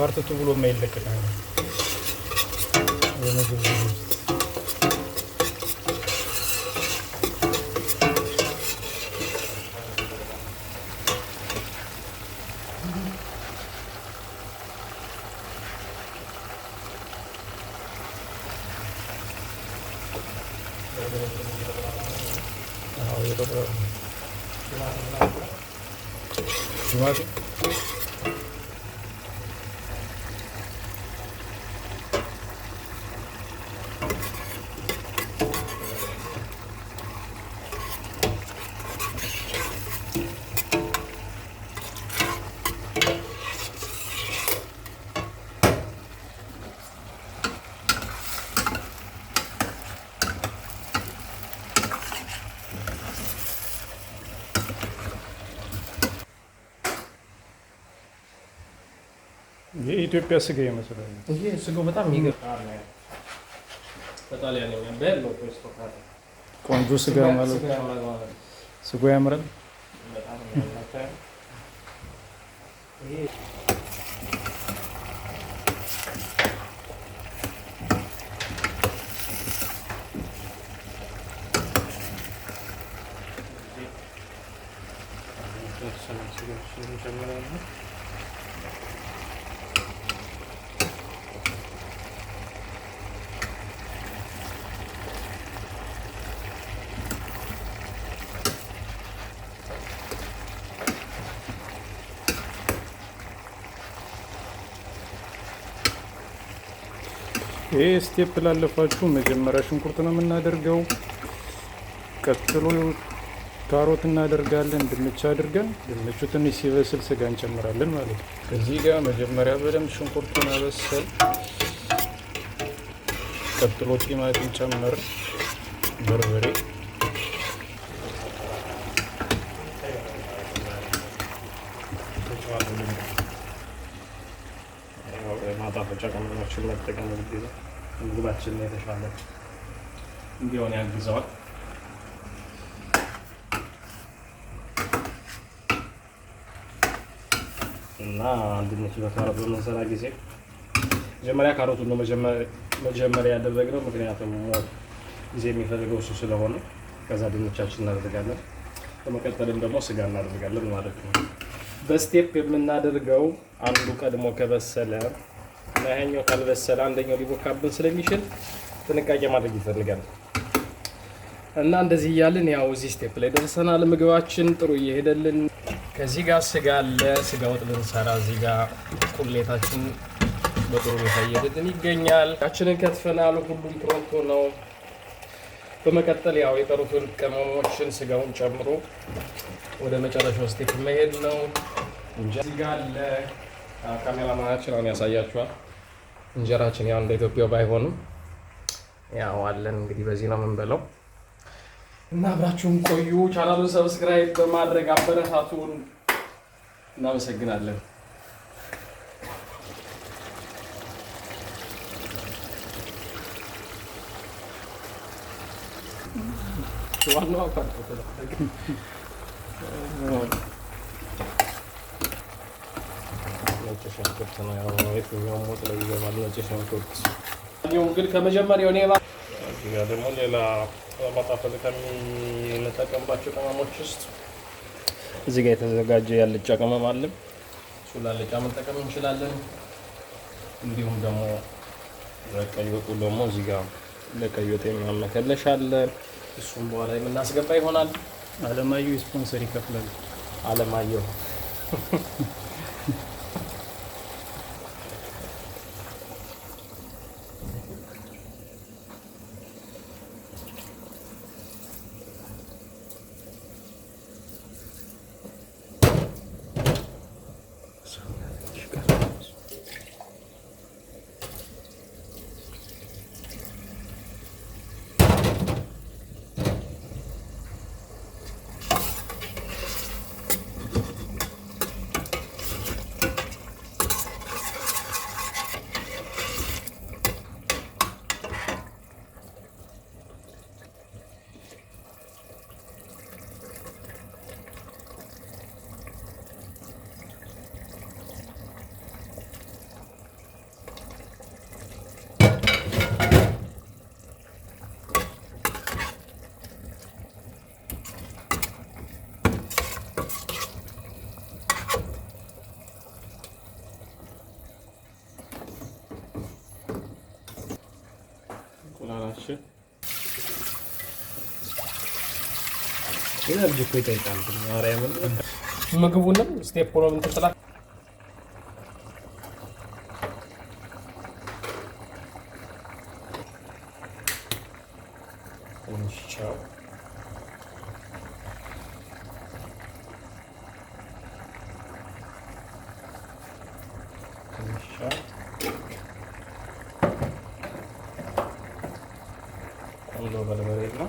Corta túbulo meio da carne. Thank you. የኢትዮጵያ ስጋ ይመስላል። ይሄ ስጋው በጣም ይገርማል። ቆንጆ ስጋ ማለት ስጋ ያምራል። ይሄ ስቴፕ ላለፋችሁ መጀመሪያ ሽንኩርት ነው የምናደርገው። ቀጥሎ ካሮት እናደርጋለን። ድንች አድርገን ድንቹ ትንሽ ሲበስል ስጋ እንጨምራለን ማለት ነው። እዚህ ጋር መጀመሪያ በደንብ ሽንኩርቱን አበሰል። ቀጥሎ ቲማቲም ጨምር፣ በርበሬ ማጣፈጫ ቅመሞችን መጠቀም ግዴታ ምግባችንን የተሻለ እንዲሆን ያግዘዋል። እና አንድነቱ በካሮት በምንሰራ ጊዜ መጀመሪያ ካሮቱን ነው መጀመሪያ ያደረግነው፣ ምክንያቱም ሞት ጊዜ የሚፈልገው እሱ ስለሆነ፣ ከዛ ድንቻችን እናደርጋለን። በመቀጠልም ደግሞ ስጋ እናደርጋለን ማለት ነው። በስቴፕ የምናደርገው አንዱ ቀድሞ ከበሰለ እና ያኛው ካልበሰለ አንደኛው ሊቦካብን ስለሚችል ጥንቃቄ ማድረግ ይፈልጋል። እና እንደዚህ እያልን ያው እዚህ ስቴፕ ላይ ደርሰናል። ምግባችን ጥሩ እየሄደልን ከዚህ ጋር ስጋ አለ። ስጋ ወጥ ልንሰራ እዚህ ጋር ቁሌታችን በጥሩ ሁኔታ እየሄደልን ይገኛል። ያችንን ከትፈናል። ሁሉም ፕሮንቶ ነው። በመቀጠል ያው የቀሩትን ቅመሞችን ስጋውን ጨምሮ ወደ መጨረሻው ስቴፕ መሄድ ነው። እዚህ ጋር አለ። ካሜራማናችን አሁን ያሳያችኋል። እንጀራችን ያው እንደ ኢትዮጵያው ባይሆንም ያው አለን እንግዲህ በዚህ ነው የምንበላው። እና አብራችሁን ቆዩ። ቻናሉን ሰብስክራይብ በማድረግ አበረታቱን። እናመሰግናለን። ዋናው ነጭ ሽንኩርት ነው። ያው የትኛውም ወጥ ላይ ይገባል ነጭ ሽንኩርት። እንግዲህ ከመጀመሪያው እኔ እዚህ ጋር ደግሞ ሌላ ለማጣፈጥ ከምንጠቀምባቸው ቅመሞች ውስጥ እዚህ ጋር የተዘጋጀ ያልጫ ቅመም አለን። እሱ ላለጫ መጠቀም እንችላለን። እንዲሁም ደግሞ ለቀይ ወጡ ደግሞ እዚህ ጋር ለቀይ ወጥ የሚያመከለሽ አለ። እሱም በኋላ የምናስገባ ይሆናል። አለማየሁ ስፖንሰር ይከፍላል። አለማየሁ እኮ ይጠይቃል ማርያም ምግቡንም ስቴፕ ሆኖ ምን ትጥላ ቆንጆ በርበሬ ነው።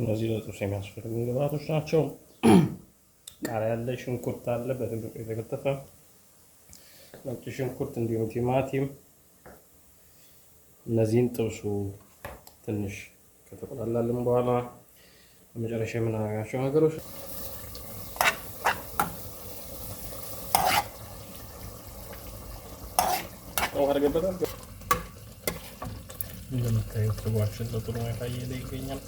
እነዚህ ለጥብስ የሚያስፈልጉ ግብአቶች ናቸው። ቃሪያ አለ፣ ሽንኩርት አለ በደንብ የተከተፈ ነጭ ሽንኩርት፣ እንዲሁም ቲማቲም። እነዚህን ጥብሱ ትንሽ ከተቆላላልን በኋላ በመጨረሻ የምናደርጋቸው ነገሮች እንደምታዩት ስጓችን በጥሩ ሁኔታ እየሄደ ይገኛል።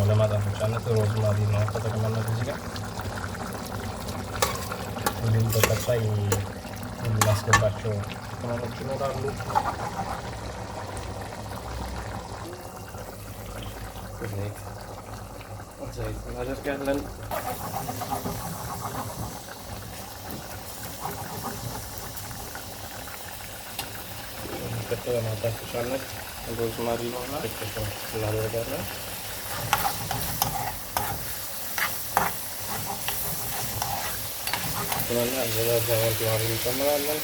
ነው። ለማጣፈጫነት ሮዝማሪ ነው ተጠቅመናል እዚህ ጋር። እንዲሁም በቀጣይ የምናስገባቸው ቅመሞች ይኖራሉ። እናደርጋለን። ቀጥሎ ለማጣፈጫነት ሮዝማሪ ነው እናደርጋለን። చేస్తున్నాను అందరూ భగవంతుని ఆదరించమరాలను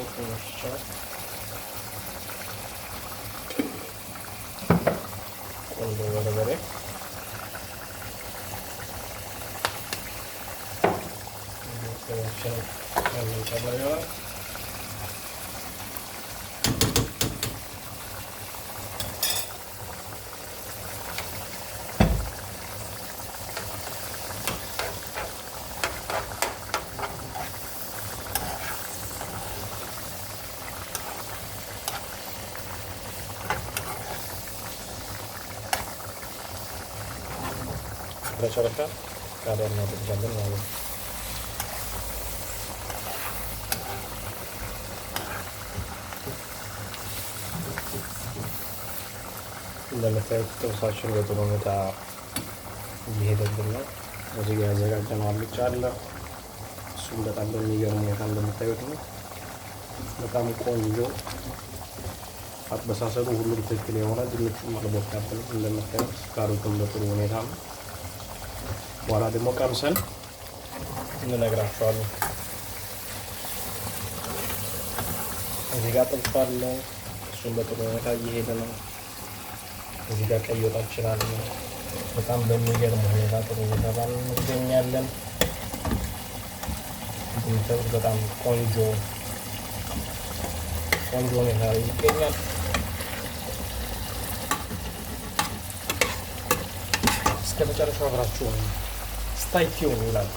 çok uğraşacağız. Onu da vererek. Arkadaşlar, çabalıyor. በጨረቃ ቃሪያ እናደርጋለን ማለት ነው። እንደምታዩት ጥብሳችን በጥሩ ሁኔታ እየሄደብን ነው። እዚህ ጋር ያዘጋጀነው አልጫ አለ። እሱም በጣም በሚገርም ሁኔታ እንደምታዩት ነው። በጣም ቆንጆ አጥበሳሰሉ ሁሉም ትክክል የሆነ ድንቹም አልቦካብንም። እንደምታዩት ካሮቱም በጥሩ ሁኔታ ነው። በኋላ ደግሞ ቀምሰን እንነግራቸዋለን። እዚህ ጋር ጥብስ አለ። እሱም በጥሩ ሁኔታ እየሄደ ነው። እዚህ ጋር ቀይ ወጣችን አለ። በጣም በሚገርም ሁኔታ ጥሩ ቦታ እንገኛለን። እንደምታዩት በጣም ቆንጆ ቆንጆ ሁኔታ ይገኛል። እስከ መጨረሻው አብራችሁ ታይት ይሆን ይላል።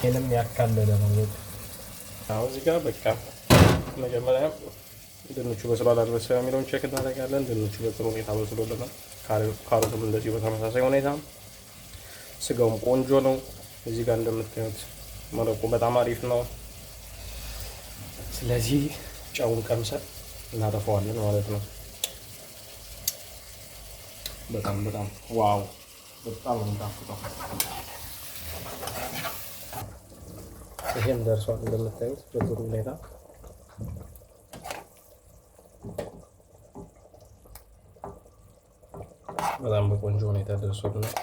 ይህንም ያካለለ ነው። አሁን እዚህ ጋር በቃ መጀመሪያ ድንቹ በስሏል አልበሰለ የሚለውን ቼክ እናደርጋለን። ድንቹ በጥሩ ሁኔታ በስሎልናል። ካሮቱም እንደዚሁ በተመሳሳይ ሁኔታ፣ ስጋውም ቆንጆ ነው። እዚህ ጋር እንደምታዩት መረቁ በጣም አሪፍ ነው። ስለዚህ ጨውን ቀምሰን እናረፈዋለን ማለት ነው። በጣም በጣም ዋው፣ በጣም ነው የሚጣፍጠው። again there are some little things to do later በጣም በቆንጆ ሁኔታ ደርሶልናል።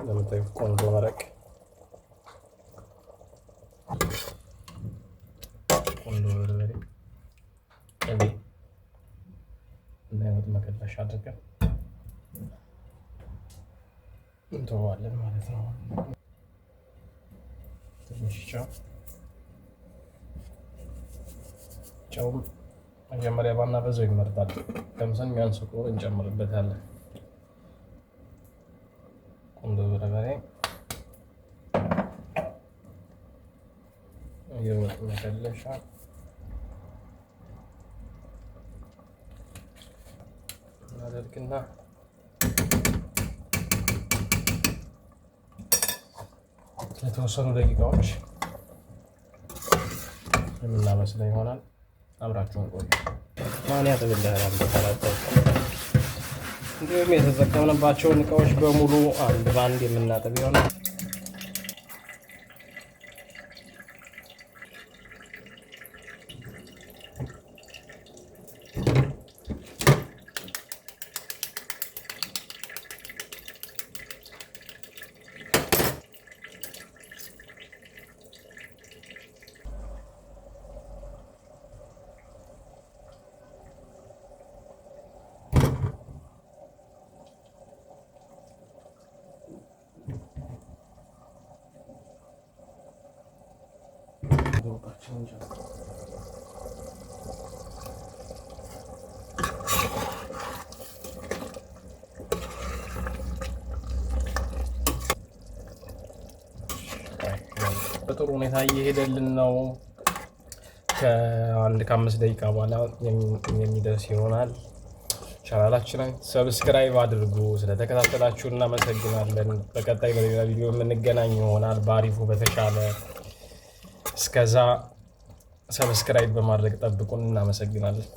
እንደምታዩት ቆንጆ መረቅ ቆንጆ በርበሬ ቅቤ እና የወጥ መከለሻ አድርገን እንተዋለን ማለት ነው። ትንሽ ጨው ጨው መጀመሪያ ባና በዛው ይመርጣል። ለምሳሌ የሚያንስ ቁጥር እንጨምርበታለን። ቆንጆ በርበሬ የወጥ መከለሻ እናደርግና ለተወሰኑ ደቂቃዎች የምናበስለው ይሆናል። አብራችሁን ቆዩ። ማን ያጥብልሃል? እንዲሁም የተጠቀምንባቸውን እቃዎች በሙሉ አንድ በአንድ የምናጥብ ይሆናል። ስለምወዳቸው እንጂ በጥሩ ሁኔታ እየሄደልን ነው። ከአንድ ከአምስት ደቂቃ በኋላ የሚደርስ ይሆናል። ቻናላችንን ሰብስክራይብ አድርጉ። ስለተከታተላችሁ እናመሰግናለን። በቀጣይ በሌላ ቪዲዮ የምንገናኝ ይሆናል። በአሪፉ በተሻለ እስከዛ ሰብስክራይብ በማድረግ ጠብቁን። እናመሰግናለን።